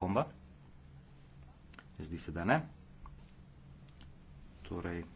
bomba? Zdi se, da ne. Torej,